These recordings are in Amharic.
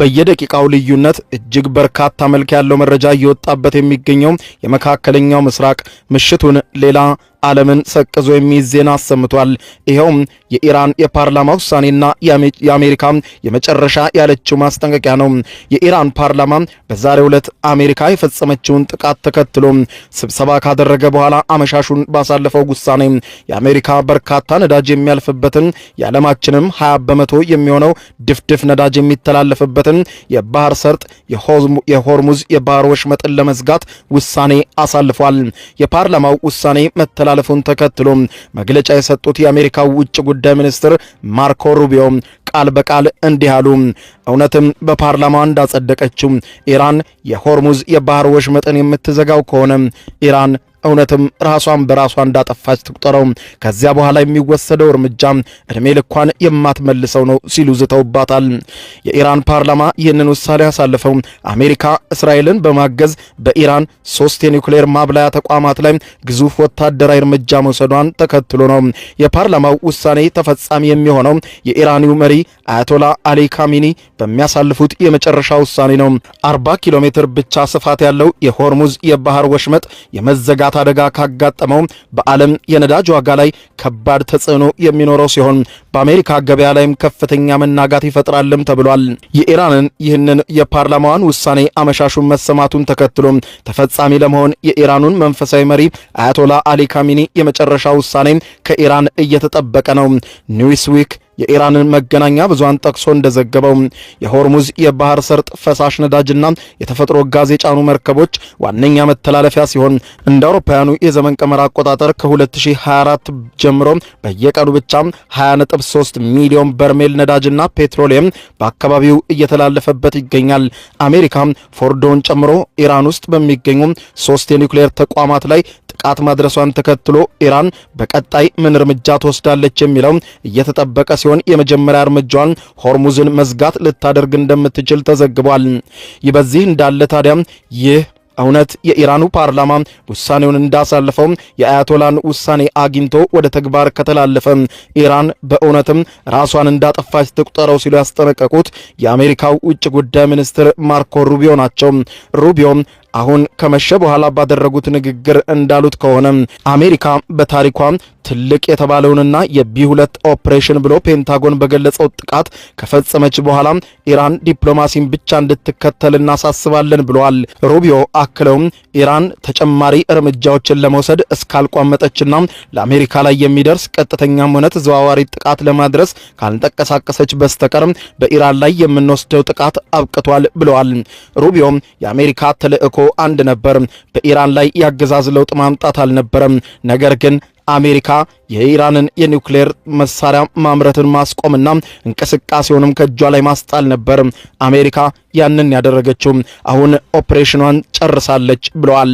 በየደቂቃው ልዩነት እጅግ በርካታ መልክ ያለው መረጃ እየወጣበት የሚገኘው የመካከለኛው ምስራቅ ምሽቱን ሌላ ዓለምን ሰቅዞ የሚይዝ ዜና አሰምቷል። ይኸውም የኢራን የፓርላማ ውሳኔና የአሜሪካ የመጨረሻ ያለችው ማስጠንቀቂያ ነው። የኢራን ፓርላማ በዛሬው ዕለት አሜሪካ የፈጸመችውን ጥቃት ተከትሎ ስብሰባ ካደረገ በኋላ አመሻሹን ባሳለፈው ውሳኔ የአሜሪካ በርካታ ነዳጅ የሚያልፍበትን የዓለማችንም 20 በመቶ የሚሆነው ድፍድፍ ነዳጅ የሚተላለፍበትን የባህር ሰርጥ የሆርሙዝ የባህር ወሽመጥን ለመዝጋት ውሳኔ አሳልፏል። የፓርላማው ውሳኔ መተላ መተላለፉን ተከትሎ መግለጫ የሰጡት የአሜሪካ ውጭ ጉዳይ ሚኒስትር ማርኮ ሩቢዮ ቃል በቃል እንዲህ አሉ። እውነትም በፓርላማ እንዳጸደቀችው ኢራን የሆርሙዝ የባህር ወሽመጥን የምትዘጋው ከሆነ ኢራን እውነትም ራሷን በራሷ እንዳጠፋች ትቁጠረው። ከዚያ በኋላ የሚወሰደው እርምጃ እድሜ ልኳን የማትመልሰው ነው ሲሉ ዝተውባታል። የኢራን ፓርላማ ይህንን ውሳኔ ያሳለፈው አሜሪካ እስራኤልን በማገዝ በኢራን ሶስት የኒውክሌር ማብላያ ተቋማት ላይ ግዙፍ ወታደራዊ እርምጃ መውሰዷን ተከትሎ ነው። የፓርላማው ውሳኔ ተፈጻሚ የሚሆነው የኢራኒው መሪ አያቶላ አሊ ካሚኒ በሚያሳልፉት የመጨረሻ ውሳኔ ነው። አርባ ኪሎ ሜትር ብቻ ስፋት ያለው የሆርሙዝ የባህር ወሽመጥ የመዘጋት የጥፋት አደጋ ካጋጠመው በዓለም የነዳጅ ዋጋ ላይ ከባድ ተጽዕኖ የሚኖረው ሲሆን በአሜሪካ ገበያ ላይም ከፍተኛ መናጋት ይፈጥራልም ተብሏል። የኢራንን ይህንን የፓርላማዋን ውሳኔ አመሻሹን መሰማቱን ተከትሎ ተፈጻሚ ለመሆን የኢራኑን መንፈሳዊ መሪ አያቶላ አሊ ካሚኒ የመጨረሻ ውሳኔ ከኢራን እየተጠበቀ ነው። ኒውስዊክ የኢራንን መገናኛ ብዙሃን ጠቅሶ እንደዘገበው የሆርሙዝ የባህር ሰርጥ ፈሳሽ ነዳጅና የተፈጥሮ ጋዝ የጫኑ መርከቦች ዋነኛ መተላለፊያ ሲሆን እንደ አውሮፓውያኑ የዘመን ቀመር አቆጣጠር ከ2024 ጀምሮ በየቀኑ ብቻ 23 ሚሊዮን በርሜል ነዳጅና ፔትሮሊየም በአካባቢው እየተላለፈበት ይገኛል። አሜሪካ ፎርዶን ጨምሮ ኢራን ውስጥ በሚገኙ ሶስት የኒውክሌር ተቋማት ላይ ጥቃት ማድረሷን ተከትሎ ኢራን በቀጣይ ምን እርምጃ ትወስዳለች የሚለው እየተጠበቀ ሲሆን የመጀመሪያ እርምጃዋን ሆርሙዝን መዝጋት ልታደርግ እንደምትችል ተዘግቧል። ይህ በዚህ እንዳለ ታዲያ ይህ እውነት የኢራኑ ፓርላማ ውሳኔውን እንዳሳለፈው የአያቶላን ውሳኔ አግኝቶ ወደ ተግባር ከተላለፈ ኢራን በእውነትም ራሷን እንዳጠፋች ትቁጠረው ሲሉ ያስጠነቀቁት የአሜሪካው ውጭ ጉዳይ ሚኒስትር ማርኮ ሩቢዮ ናቸው። ሩቢዮ አሁን ከመሸ በኋላ ባደረጉት ንግግር እንዳሉት ከሆነ አሜሪካ በታሪኳ ትልቅ የተባለውንና የቢ ሁለት ኦፕሬሽን ብሎ ፔንታጎን በገለጸው ጥቃት ከፈጸመች በኋላ ኢራን ዲፕሎማሲን ብቻ እንድትከተል እናሳስባለን ብለዋል። ሩቢዮ አክለውም ኢራን ተጨማሪ እርምጃዎችን ለመውሰድ እስካልቋመጠችና ለአሜሪካ ላይ የሚደርስ ቀጥተኛም ሆነ ተዘዋዋሪ ጥቃት ለማድረስ ካልተንቀሳቀሰች በስተቀር በኢራን ላይ የምንወስደው ጥቃት አብቅቷል ብለዋል። ሩቢዮ የአሜሪካ ተልእኮ አንድ ነበር። በኢራን ላይ ያገዛዝ ለውጥ ማምጣት አልነበረም። ነገር ግን አሜሪካ የኢራንን የኒውክሌር መሳሪያ ማምረትን ማስቆምና እንቅስቃሴውንም ከእጇ ላይ ማስጣል ነበር። አሜሪካ ያንን ያደረገችው አሁን ኦፕሬሽኗን ጨርሳለች ብለዋል።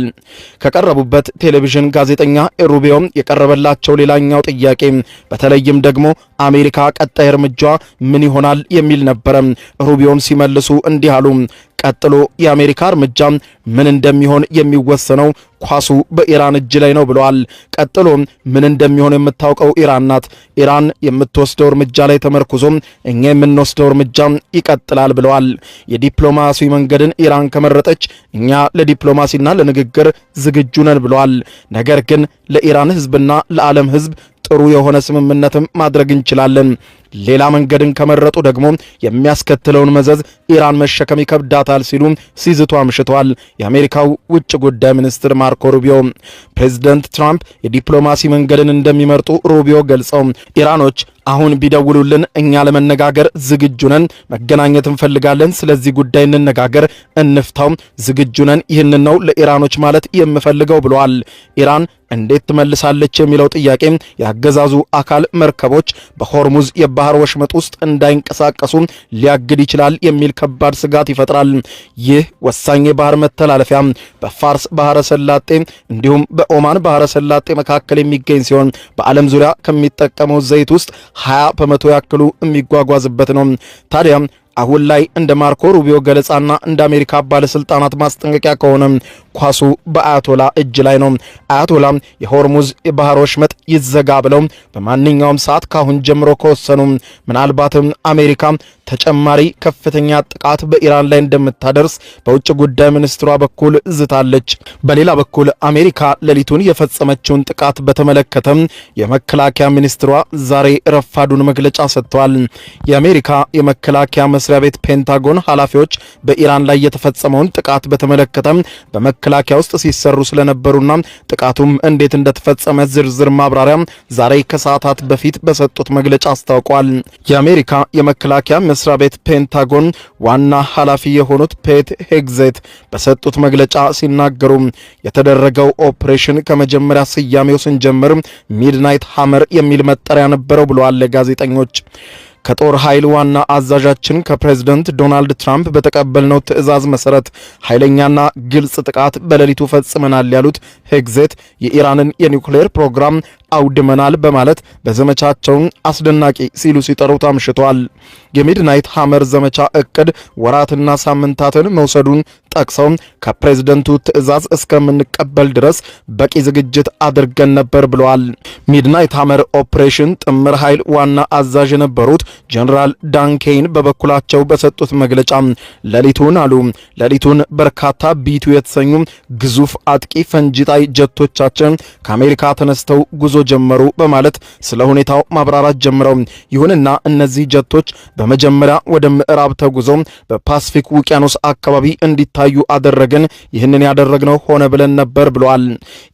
ከቀረቡበት ቴሌቪዥን ጋዜጠኛ ሩቢዮ የቀረበላቸው ሌላኛው ጥያቄ በተለይም ደግሞ አሜሪካ ቀጣይ እርምጃ ምን ይሆናል የሚል ነበረ። ሩቢዮም ሲመልሱ እንዲህ አሉ። ቀጥሎ የአሜሪካ እርምጃ ምን እንደሚሆን የሚወሰነው ኳሱ በኢራን እጅ ላይ ነው ብለዋል። ቀጥሎ ምን እንደሚሆን የምታውቀው ኢራን ናት። ኢራን የምትወስደው እርምጃ ላይ ተመርኩዞ እኛ የምንወስደው እርምጃ ይቀጥላል ብለዋል። የዲፕሎማሲ መንገድን ኢራን ከመረጠች እኛ ለዲፕሎማሲና ለንግግር ዝግጁ ነን ብለዋል። ነገር ግን ለኢራን ሕዝብና ለዓለም ሕዝብ ጥሩ የሆነ ስምምነትም ማድረግ እንችላለን። ሌላ መንገድን ከመረጡ ደግሞ የሚያስከትለውን መዘዝ ኢራን መሸከም ይከብዳታል ሲሉ ሲዝቱ አምሽተዋል። የአሜሪካው ውጭ ጉዳይ ሚኒስትር ማርኮ ሩቢዮ ፕሬዚደንት ትራምፕ የዲፕሎማሲ መንገድን እንደሚመርጡ ሩቢዮ ገልጸው ኢራኖች አሁን ቢደውሉልን እኛ ለመነጋገር ዝግጁ ነን፣ መገናኘት እንፈልጋለን፣ ስለዚህ ጉዳይ እንነጋገር፣ እንፍታው፣ ዝግጁ ነን፣ ይህንን ነው ለኢራኖች ማለት የምፈልገው ብለዋል። ኢራን እንዴት ትመልሳለች የሚለው ጥያቄ የአገዛዙ አካል መርከቦች በሆርሙዝ የባህር ወሽመጥ ውስጥ እንዳይንቀሳቀሱ ሊያግድ ይችላል የሚል ከባድ ስጋት ይፈጥራል። ይህ ወሳኝ የባህር መተላለፊያ በፋርስ ባህረ ሰላጤ እንዲሁም በኦማን ባህረ ሰላጤ መካከል የሚገኝ ሲሆን በዓለም ዙሪያ ከሚጠቀመው ዘይት ውስጥ 20 በመቶ ያክሉ የሚጓጓዝበት ነው። ታዲያ አሁን ላይ እንደ ማርኮ ሩቢዮ ገለጻና እንደ አሜሪካ ባለስልጣናት ማስጠንቀቂያ ከሆነ ኳሱ በአያቶላ እጅ ላይ ነው። አያቶላ የሆርሙዝ የባህር ወሽመጥ ይዘጋ ብለው በማንኛውም ሰዓት ካሁን ጀምሮ ከወሰኑ ምናልባትም አሜሪካ ተጨማሪ ከፍተኛ ጥቃት በኢራን ላይ እንደምታደርስ በውጭ ጉዳይ ሚኒስትሯ በኩል ዝታለች። በሌላ በኩል አሜሪካ ሌሊቱን የፈጸመችውን ጥቃት በተመለከተም የመከላከያ ሚኒስትሯ ዛሬ ረፋዱን መግለጫ ሰጥተዋል። የአሜሪካ የመከላከያ መስሪያ ቤት ፔንታጎን ኃላፊዎች በኢራን ላይ የተፈጸመውን ጥቃት በተመለከተ በመከላከያ ውስጥ ሲሰሩ ስለነበሩና ጥቃቱም እንዴት እንደተፈጸመ ዝርዝር ማብራሪያ ዛሬ ከሰዓታት በፊት በሰጡት መግለጫ አስታውቋል። የአሜሪካ የመከላከያ መስሪያ ቤት ፔንታጎን ዋና ኃላፊ የሆኑት ፔት ሄግዜት በሰጡት መግለጫ ሲናገሩ የተደረገው ኦፕሬሽን ከመጀመሪያ ስያሜው ስንጀምር ሚድናይት ሐመር የሚል መጠሪያ ነበረው ብለዋል ለጋዜጠኞች። ከጦር ኃይል ዋና አዛዣችን ከፕሬዝደንት ዶናልድ ትራምፕ በተቀበልነው ትዕዛዝ መሰረት ኃይለኛና ግልጽ ጥቃት በሌሊቱ ፈጽመናል ያሉት ሄግዜት የኢራንን የኒውክሌር ፕሮግራም አውድመናል በማለት በዘመቻቸውን አስደናቂ ሲሉ ሲጠሩት አምሽቷል። የሚድናይት ሐመር ዘመቻ እቅድ ወራትና ሳምንታትን መውሰዱን ጠቅሰው ከፕሬዝደንቱ ትዕዛዝ እስከምንቀበል ድረስ በቂ ዝግጅት አድርገን ነበር ብለዋል። ሚድናይት ሐመር ኦፕሬሽን ጥምር ኃይል ዋና አዛዥ የነበሩት ጀኔራል ዳንኬይን በበኩላቸው በሰጡት መግለጫ ሌሊቱን አሉ ሌሊቱን በርካታ ቢቱ የተሰኙ ግዙፍ አጥቂ ፈንጂጣይ ጀቶቻችን ከአሜሪካ ተነስተው ጉዞ ጀመሩ በማለት ስለ ሁኔታው ማብራራት ጀምረው፣ ይሁንና እነዚህ ጀቶች በመጀመሪያ ወደ ምዕራብ ተጉዘው በፓስፊክ ውቅያኖስ አካባቢ እንዲታዩ አደረግን። ይህንን ያደረግነው ሆነ ብለን ነበር ብለዋል።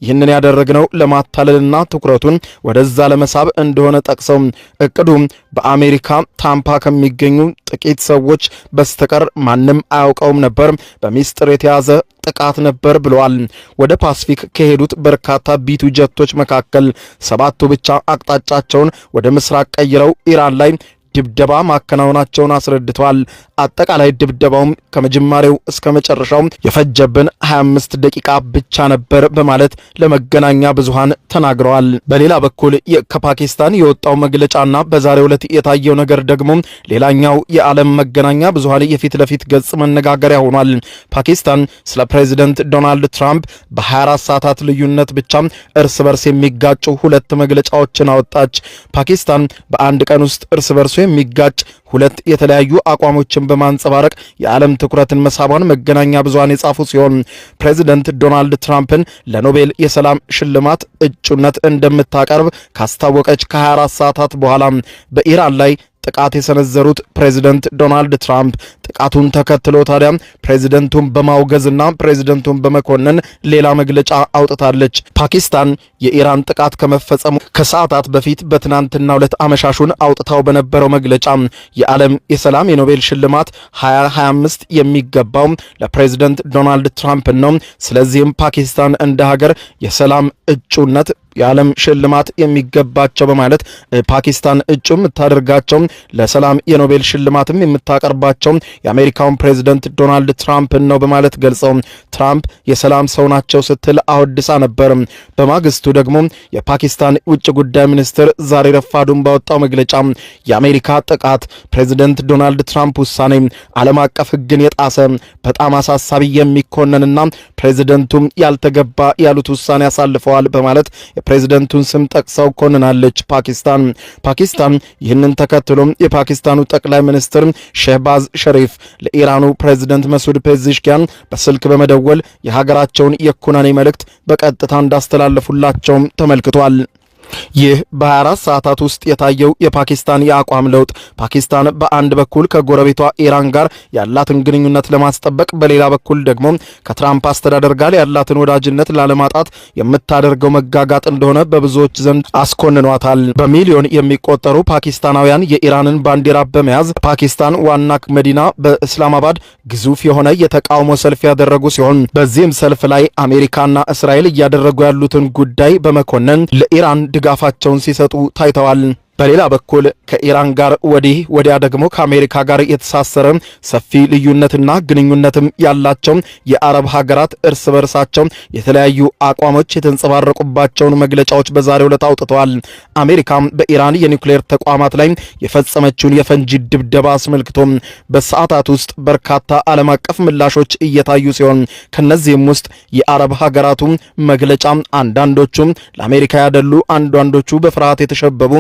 ይህንን ያደረግነው ለማታለልና ትኩረቱን ወደዛ ለመሳብ እንደሆነ ጠቅሰው እቅዱ በአሜሪካ ታምፓ ከሚገኙ ጥቂት ሰዎች በስተቀር ማንም አያውቀውም ነበር። በሚስጥር የተያዘ ጥቃት ነበር ብለዋል። ወደ ፓስፊክ ከሄዱት በርካታ ቢቱ ጀቶች መካከል ሰባቱ ብቻ አቅጣጫቸውን ወደ ምስራቅ ቀይረው ኢራን ላይ ድብደባ ማከናወናቸውን አስረድተዋል። አጠቃላይ ድብደባውም ከመጀመሪያው እስከ መጨረሻው የፈጀብን 25 ደቂቃ ብቻ ነበር በማለት ለመገናኛ ብዙሃን ተናግረዋል። በሌላ በኩል ከፓኪስታን የወጣው መግለጫና በዛሬው ዕለት የታየው ነገር ደግሞ ሌላኛው የዓለም መገናኛ ብዙሃን የፊት ለፊት ገጽ መነጋገሪያ ሆኗል። ፓኪስታን ስለ ፕሬዚደንት ዶናልድ ትራምፕ በ24 ሰዓታት ልዩነት ብቻ እርስ በርስ የሚጋጩ ሁለት መግለጫዎችን አወጣች። ፓኪስታን በአንድ ቀን ውስጥ እርስ በርሱ የሚጋጭ ሁለት የተለያዩ አቋሞችን በማንጸባረቅ የዓለም ትኩረትን መሳቧን መገናኛ ብዙሃን የጻፉ ሲሆን ፕሬዚደንት ዶናልድ ትራምፕን ለኖቤል የሰላም ሽልማት እጩነት እንደምታቀርብ ካስታወቀች ከ24 ሰዓታት በኋላ በኢራን ላይ ጥቃት የሰነዘሩት ፕሬዚደንት ዶናልድ ትራምፕ ጥቃቱን ተከትሎ ታዲያ ፕሬዚደንቱን በማውገዝና ፕሬዚደንቱን በመኮንን ሌላ መግለጫ አውጥታለች። ፓኪስታን የኢራን ጥቃት ከመፈጸሙ ከሰዓታት በፊት በትናንትና ሁለት አመሻሹን አውጥታው በነበረው መግለጫ የዓለም የሰላም የኖቤል ሽልማት 2025 የሚገባው ለፕሬዚደንት ዶናልድ ትራምፕ ነው። ስለዚህም ፓኪስታን እንደ ሀገር የሰላም እጩነት የዓለም ሽልማት የሚገባቸው በማለት ፓኪስታን እጩ የምታደርጋቸው ለሰላም የኖቤል ሽልማትም የምታቀርባቸው የአሜሪካውን ፕሬዚደንት ዶናልድ ትራምፕን ነው በማለት ገልጸው ትራምፕ የሰላም ሰው ናቸው ስትል አወድሳ ነበር። በማግስቱ ደግሞ የፓኪስታን ውጭ ጉዳይ ሚኒስትር ዛሬ ረፋዱን ባወጣው መግለጫ የአሜሪካ ጥቃት ፕሬዚደንት ዶናልድ ትራምፕ ውሳኔ ዓለም አቀፍ ሕግን የጣሰ በጣም አሳሳቢ የሚኮነንና ፕሬዚደንቱም ያልተገባ ያሉት ውሳኔ አሳልፈዋል በማለት የፕሬዝደንቱን ስም ጠቅሰው ኮንናለች ፓኪስታን። ፓኪስታን ይህንን ተከትሎ የፓኪስታኑ ጠቅላይ ሚኒስትር ሸህባዝ ሸሪፍ ለኢራኑ ፕሬዝደንት መሱድ ፔዚሽኪያን በስልክ በመደወል የሀገራቸውን የኩናኔ መልእክት በቀጥታ እንዳስተላለፉላቸውም ተመልክቷል። ይህ በ24 ሰዓታት ውስጥ የታየው የፓኪስታን የአቋም ለውጥ ፓኪስታን በአንድ በኩል ከጎረቤቷ ኢራን ጋር ያላትን ግንኙነት ለማስጠበቅ፣ በሌላ በኩል ደግሞ ከትራምፕ አስተዳደር ጋር ያላትን ወዳጅነት ላለማጣት የምታደርገው መጋጋጥ እንደሆነ በብዙዎች ዘንድ አስኮንኗታል። በሚሊዮን የሚቆጠሩ ፓኪስታናውያን የኢራንን ባንዲራ በመያዝ ፓኪስታን ዋና መዲና በእስላማባድ ግዙፍ የሆነ የተቃውሞ ሰልፍ ያደረጉ ሲሆን በዚህም ሰልፍ ላይ አሜሪካና እስራኤል እያደረጉ ያሉትን ጉዳይ በመኮነን ለኢራን ድጋፋቸውን ሲሰጡ ታይተዋል። በሌላ በኩል ከኢራን ጋር ወዲህ ወዲያ ደግሞ ከአሜሪካ ጋር የተሳሰረ ሰፊ ልዩነትና ግንኙነትም ያላቸው የአረብ ሀገራት እርስ በርሳቸው የተለያዩ አቋሞች የተንጸባረቁባቸውን መግለጫዎች በዛሬው ዕለት አውጥተዋል። አሜሪካም በኢራን የኒውክሌር ተቋማት ላይ የፈጸመችውን የፈንጂ ድብደባ አስመልክቶ በሰዓታት ውስጥ በርካታ ዓለም አቀፍ ምላሾች እየታዩ ሲሆን ከነዚህም ውስጥ የአረብ ሀገራቱ መግለጫ አንዳንዶቹ ለአሜሪካ ያደሉ፣ አንዳንዶቹ በፍርሃት የተሸበቡ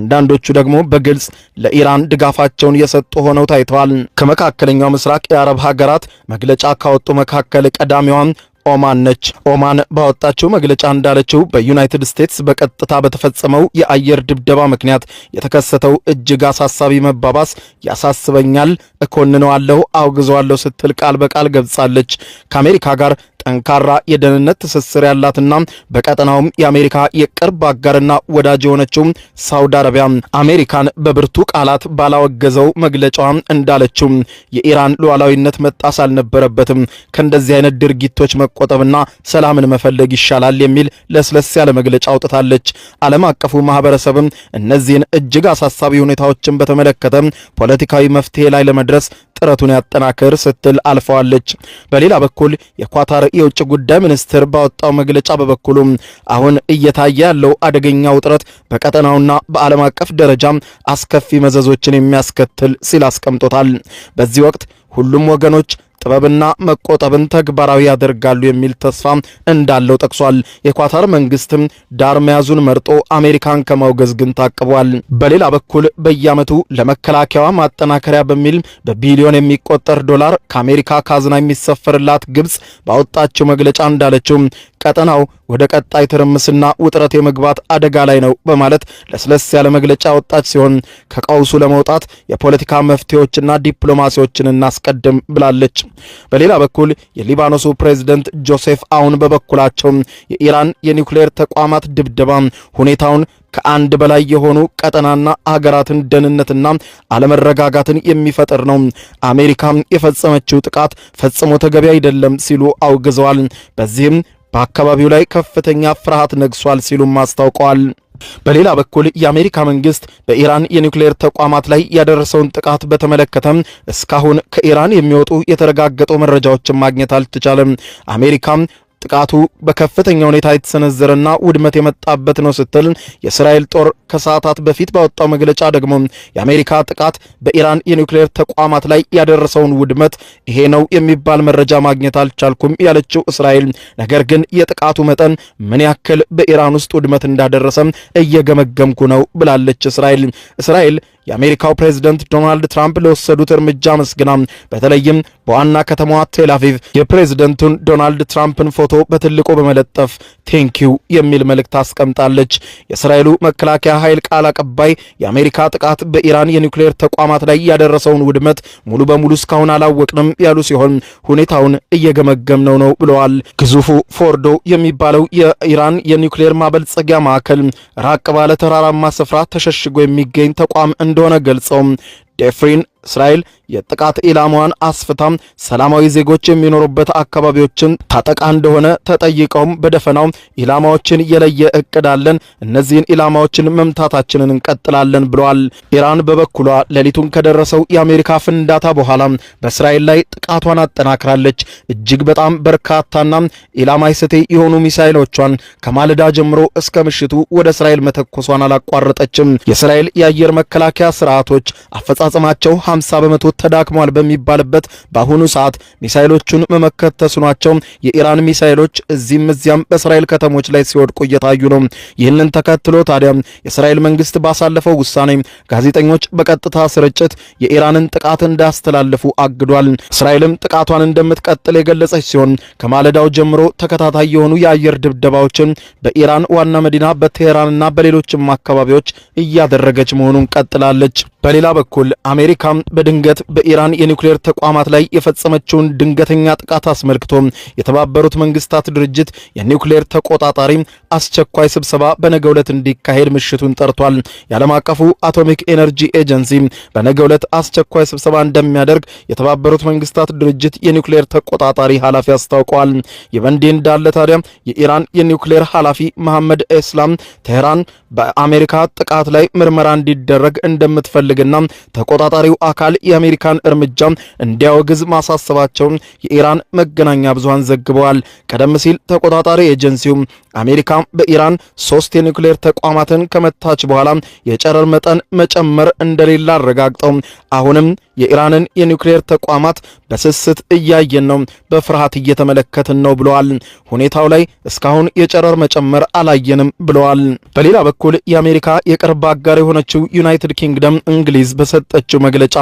አንዳንዶቹ ደግሞ በግልጽ ለኢራን ድጋፋቸውን የሰጡ ሆነው ታይተዋል። ከመካከለኛው ምስራቅ የአረብ ሀገራት መግለጫ ካወጡ መካከል ቀዳሚዋን ኦማን ነች። ኦማን ባወጣችው መግለጫ እንዳለችው በዩናይትድ ስቴትስ በቀጥታ በተፈጸመው የአየር ድብደባ ምክንያት የተከሰተው እጅግ አሳሳቢ መባባስ ያሳስበኛል፣ እኮንነዋለሁ፣ አውግዘዋለሁ ስትል ቃል በቃል ገብጻለች። ከአሜሪካ ጋር ጠንካራ የደህንነት ትስስር ያላትና በቀጠናውም የአሜሪካ የቅርብ አጋርና ወዳጅ የሆነችው ሳውዲ አረቢያ አሜሪካን በብርቱ ቃላት ባላወገዘው መግለጫዋ እንዳለችው የኢራን ሉዓላዊነት መጣስ አልነበረበትም። ከእንደዚህ አይነት ድርጊቶች መቆጠብና ሰላምን መፈለግ ይሻላል የሚል ለስለስ ያለ መግለጫ አውጥታለች። ዓለም አቀፉ ማህበረሰብም እነዚህን እጅግ አሳሳቢ ሁኔታዎችን በተመለከተ ፖለቲካዊ መፍትሄ ላይ ለመድረስ ጥረቱን ያጠናክር ስትል አልፈዋለች። በሌላ በኩል የኳታር የውጭ ጉዳይ ሚኒስትር ባወጣው መግለጫ በበኩሉ አሁን እየታየ ያለው አደገኛ ውጥረት በቀጠናውና በዓለም አቀፍ ደረጃ አስከፊ መዘዞችን የሚያስከትል ሲል አስቀምጦታል። በዚህ ወቅት ሁሉም ወገኖች ጥበብና መቆጠብን ተግባራዊ ያደርጋሉ የሚል ተስፋ እንዳለው ጠቅሷል። የኳታር መንግስትም ዳር መያዙን መርጦ አሜሪካን ከማውገዝ ግን ታቅቧል። በሌላ በኩል በየዓመቱ ለመከላከያዋ ማጠናከሪያ በሚል በቢሊዮን የሚቆጠር ዶላር ከአሜሪካ ካዝና የሚሰፈርላት ግብጽ ባወጣችው መግለጫ እንዳለችው ቀጠናው ወደ ቀጣይ ትርምስና ውጥረት የመግባት አደጋ ላይ ነው በማለት ለስለስ ያለ መግለጫ ወጣች ሲሆን ከቀውሱ ለመውጣት የፖለቲካ መፍትሄዎችና ዲፕሎማሲዎችን እናስቀድም ብላለች። በሌላ በኩል የሊባኖሱ ፕሬዝደንት ጆሴፍ አውን በበኩላቸው የኢራን የኒውክሌር ተቋማት ድብደባ ሁኔታውን ከአንድ በላይ የሆኑ ቀጠናና ሀገራትን ደህንነትና አለመረጋጋትን የሚፈጥር ነው። አሜሪካ የፈጸመችው ጥቃት ፈጽሞ ተገቢ አይደለም ሲሉ አውግዘዋል። በዚህም በአካባቢው ላይ ከፍተኛ ፍርሃት ነግሷል ሲሉም አስታውቀዋል። በሌላ በኩል የአሜሪካ መንግስት በኢራን የኒውክሌር ተቋማት ላይ ያደረሰውን ጥቃት በተመለከተም እስካሁን ከኢራን የሚወጡ የተረጋገጡ መረጃዎችን ማግኘት አልተቻለም። አሜሪካም ጥቃቱ በከፍተኛ ሁኔታ የተሰነዘረና ውድመት የመጣበት ነው ስትል የእስራኤል ጦር ከሰዓታት በፊት ባወጣው መግለጫ ደግሞ የአሜሪካ ጥቃት በኢራን የኒውክሌር ተቋማት ላይ ያደረሰውን ውድመት ይሄ ነው የሚባል መረጃ ማግኘት አልቻልኩም ያለችው እስራኤል ነገር ግን የጥቃቱ መጠን ምን ያክል በኢራን ውስጥ ውድመት እንዳደረሰም እየገመገምኩ ነው ብላለች። እስራኤል እስራኤል የአሜሪካው ፕሬዝደንት ዶናልድ ትራምፕ ለወሰዱት እርምጃ መስግና በተለይም በዋና ከተማዋ ቴልአቪቭ የፕሬዚደንቱን ዶናልድ ትራምፕን ፎቶ በትልቁ በመለጠፍ ቴንኪው የሚል መልእክት አስቀምጣለች። የእስራኤሉ መከላከያ ኃይል ቃል አቀባይ የአሜሪካ ጥቃት በኢራን የኒውክሌር ተቋማት ላይ ያደረሰውን ውድመት ሙሉ በሙሉ እስካሁን አላወቅንም ያሉ ሲሆን ሁኔታውን እየገመገም ነው ብለዋል። ግዙፉ ፎርዶ የሚባለው የኢራን የኒውክሌር ማበልጸጊያ ማዕከል ራቅ ባለ ተራራማ ስፍራ ተሸሽጎ የሚገኝ ተቋም እንደ እንደሆነ ገልጸው ዴፍሪን እስራኤል የጥቃት ኢላማዋን አስፍታም ሰላማዊ ዜጎች የሚኖሩበት አካባቢዎችን ታጠቃ እንደሆነ ተጠይቀውም በደፈናው ኢላማዎችን የለየ እቅድ አለን፣ እነዚህን ኢላማዎችን መምታታችንን እንቀጥላለን ብለዋል። ኢራን በበኩሏ ሌሊቱን ከደረሰው የአሜሪካ ፍንዳታ በኋላ በእስራኤል ላይ ጥቃቷን አጠናክራለች። እጅግ በጣም በርካታና ኢላማ ይስቴ የሆኑ ሚሳይሎቿን ከማለዳ ጀምሮ እስከ ምሽቱ ወደ እስራኤል መተኮሷን አላቋረጠችም። የእስራኤል የአየር መከላከያ ስርዓቶች አፈጻጸማቸው 50 በመቶ ተዳክሟል በሚባልበት በአሁኑ ሰዓት ሚሳኤሎቹን መመከት ተስኗቸው የኢራን ሚሳኤሎች እዚህም እዚያም በእስራኤል ከተሞች ላይ ሲወድቁ እየታዩ ነው። ይህንን ተከትሎ ታዲያ የእስራኤል መንግስት ባሳለፈው ውሳኔ ጋዜጠኞች በቀጥታ ስርጭት የኢራንን ጥቃት እንዳያስተላልፉ አግዷል። እስራኤልም ጥቃቷን እንደምትቀጥል የገለጸች ሲሆን ከማለዳው ጀምሮ ተከታታይ የሆኑ የአየር ድብደባዎችን በኢራን ዋና መዲና በቴሄራንና በሌሎችም አካባቢዎች እያደረገች መሆኑን ቀጥላለች። በሌላ በኩል አሜሪካም በድንገት በኢራን የኒውክሌር ተቋማት ላይ የፈጸመችውን ድንገተኛ ጥቃት አስመልክቶ የተባበሩት መንግስታት ድርጅት የኒውክሌር ተቆጣጣሪ አስቸኳይ ስብሰባ በነገ ዕለት እንዲካሄድ ምሽቱን ጠርቷል። የዓለም አቀፉ አቶሚክ ኤነርጂ ኤጀንሲ በነገ ዕለት አስቸኳይ ስብሰባ እንደሚያደርግ የተባበሩት መንግስታት ድርጅት የኒውክሌር ተቆጣጣሪ ኃላፊ አስታውቀዋል። ይህ በእንዲህ እንዳለ ታዲያ የኢራን የኒውክሌር ኃላፊ መሐመድ ኤስላም ቴህራን በአሜሪካ ጥቃት ላይ ምርመራ እንዲደረግ እንደምትፈልግና ተቆጣጣሪው አካል የአሜሪካን እርምጃ እንዲያወግዝ ማሳሰባቸውን የኢራን መገናኛ ብዙሃን ዘግበዋል። ቀደም ሲል ተቆጣጣሪ ኤጀንሲው አሜሪካ በኢራን ሶስት የኒውክሌር ተቋማትን ከመታች በኋላ የጨረር መጠን መጨመር እንደሌለ አረጋግጠው አሁንም የኢራንን የኒውክሌር ተቋማት በስስት እያየን ነው፣ በፍርሃት እየተመለከትን ነው ብለዋል። ሁኔታው ላይ እስካሁን የጨረር መጨመር አላየንም ብለዋል። በሌላ በኩል የአሜሪካ የቅርብ አጋር የሆነችው ዩናይትድ ኪንግደም እንግሊዝ በሰጠችው መግለጫ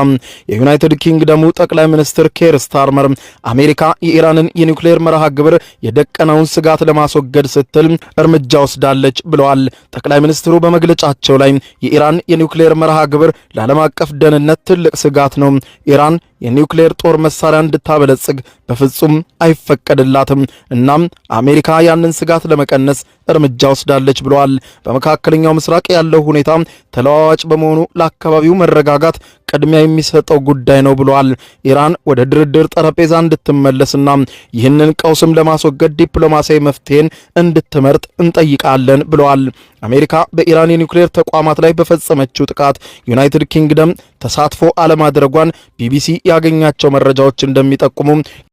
የዩናይትድ ኪንግደሙ ጠቅላይ ሚኒስትር ኬር ስታርመር አሜሪካ የኢራንን የኒውክሌር መርሃ ግብር የደቀነውን ስጋት ለማስወገድ ስት ስትል እርምጃ ወስዳለች ብለዋል። ጠቅላይ ሚኒስትሩ በመግለጫቸው ላይ የኢራን የኒውክሌር መርሃ ግብር ለዓለም አቀፍ ደህንነት ትልቅ ስጋት ነው፣ ኢራን የኒውክሌር ጦር መሳሪያ እንድታበለጽግ በፍጹም አይፈቀድላትም። እናም አሜሪካ ያንን ስጋት ለመቀነስ እርምጃ ወስዳለች ብለዋል። በመካከለኛው ምስራቅ ያለው ሁኔታ ተለዋዋጭ በመሆኑ ለአካባቢው መረጋጋት ቅድሚያ የሚሰጠው ጉዳይ ነው ብለዋል። ኢራን ወደ ድርድር ጠረጴዛ እንድትመለስና ይህንን ቀውስም ለማስወገድ ዲፕሎማሲያዊ መፍትሄን እንድትመርጥ እንጠይቃለን ብለዋል። አሜሪካ በኢራን የኒውክሌር ተቋማት ላይ በፈጸመችው ጥቃት ዩናይትድ ኪንግደም ተሳትፎ አለማድረጓን ቢቢሲ ያገኛቸው መረጃዎች እንደሚጠቁሙም